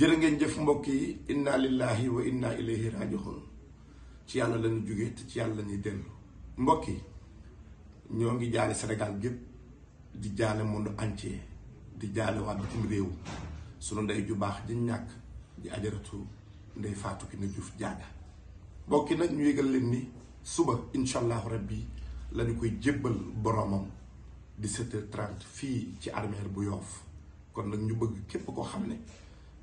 jërë ngeen jëf mbokk yi inna lillahi wa inna ilayhi rajiun ci yàlla lañu jóge te ci yàlla lañuy dellu mbokk yi ñoo ngi jaale Sénégal gépp di jaale monde entier di jaale waa bitim réew sunu ndey ju baax di ñàkk di ajaratu ndey Fatou Kiné Diouf Diatta mbokk yi nag ñu yëgal leen ni suba incha allahu rabbi lañu koy jébbal boromam di set 30 fii ci armeer bu yoof kon nag ñu bëgg képp koo xam ne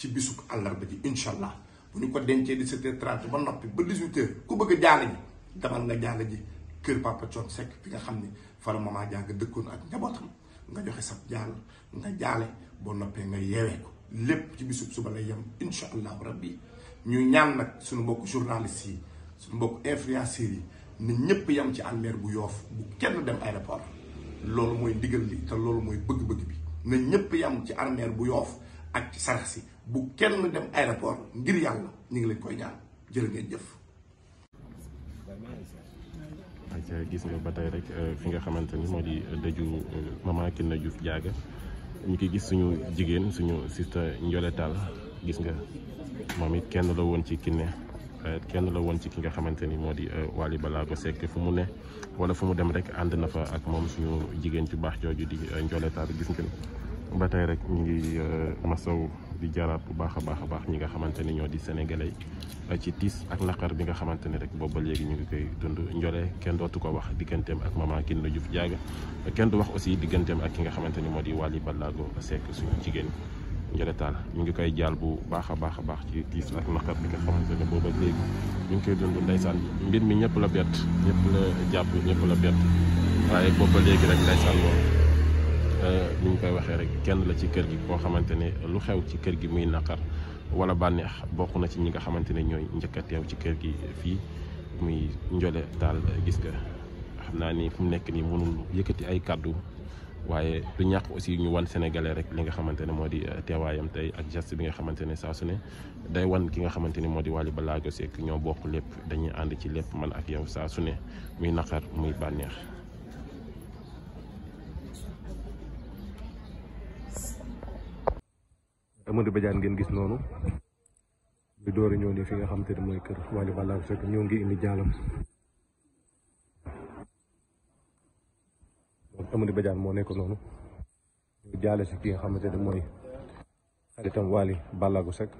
ci bisub àllarba ji incha allah bu ñu ko dencee 17h30 ba noppi ba 18 ku bëgg a ji demal nga jaala ji kër Papa Thione fi nga xam ni fara mama jaa nga dëkkoon ak njabootam nga joxe sab jaal nga jaale boo noppee nga yeewee ko lépp ci bisub suba lay yem incha allahu rabbi ñu ñaan nag suñu mbokk journaliste yi suñu mbokk influenceurs yi ne ñëpp yem ci anmeer bu yoof bu kenn dem aéroport loolu mooy ndigal li te loolu mooy bëgg-bëgg bi na ñëpp yem ci anmeer bu yoof ak ci sarax si bu kenn dem aéroport ngir yàlla ñu ngi leen koy ñaan jërë ngeen jëf aca gis nga ba tey rek euh, fi nga xamante ni moo di euh, dëju euh, maman Kiné Diouf Diaga ñu ki gis suñu jigéen suñu sista Ndiolé Tall gis nga moom it kenn la woon ci Kiné kenn la woon ci ki nga xamante ni moo di Wally fu mu ne wala fu mu dem rek ànd na fa ak moom suñu jigéen ju baax jooju di Ndiolé gis nga ba tey rek ñu ngi euh, masaw di jaraat bu baax a baax a baax ñi nga xamante ni ñoo di sénégalais euh, ci tiis ak naqar bi nga xamante ni rek booba léegi ñu ngi koy dund njole kenn dootu ko wax digganteem ak maman Kiné Diouf Diaga kenn du wax aussi digganteem ak ki nga xamante ni moo di Wally Ballago Seck suñu jigéen njole taal ngi koy jaal bu baax a baax a baax ci tiis ak naqar bi nga xamante ni booba léegi ñu ngi koy dund ndeysaan mbir mi ñëpp la bett ñëpp la jàpp ñëpp la bett waaye booba léegi rek ndeysaan moom koy waxee rek kenn la ci kër gi koo xamante ne lu xew ci kër gi muy naqar wala bànneex bokk na ci ñi nga xamante ne ñooy njëkk teew ci kër gi fii muy njole daal gis nga xam naa ni fu mu nekk nii mënul yëkkati ay kàddu waaye du ñàkk aussi ñu wan sénégalais rek li nga xamante ne moo di euh, teewaayam tey ak geste bi nga xamante ne saa sune day wan ki nga xamante ne moo di Wally Ballago Seck ñoo bokk lépp dañuy ànd ci lépp man ak yow saa su ne muy naqar muy bànneex Amadou Badiane ngeen gis noonu ñu door a ñëw ne fi nga xam te ne mooy kër Wally Ballago Seck ñëw ngi indi jaalam Amadou Badiane moo nekk noonu ñu jaale si ki nga xamante ne mooy xaritam Wally Ballago Seck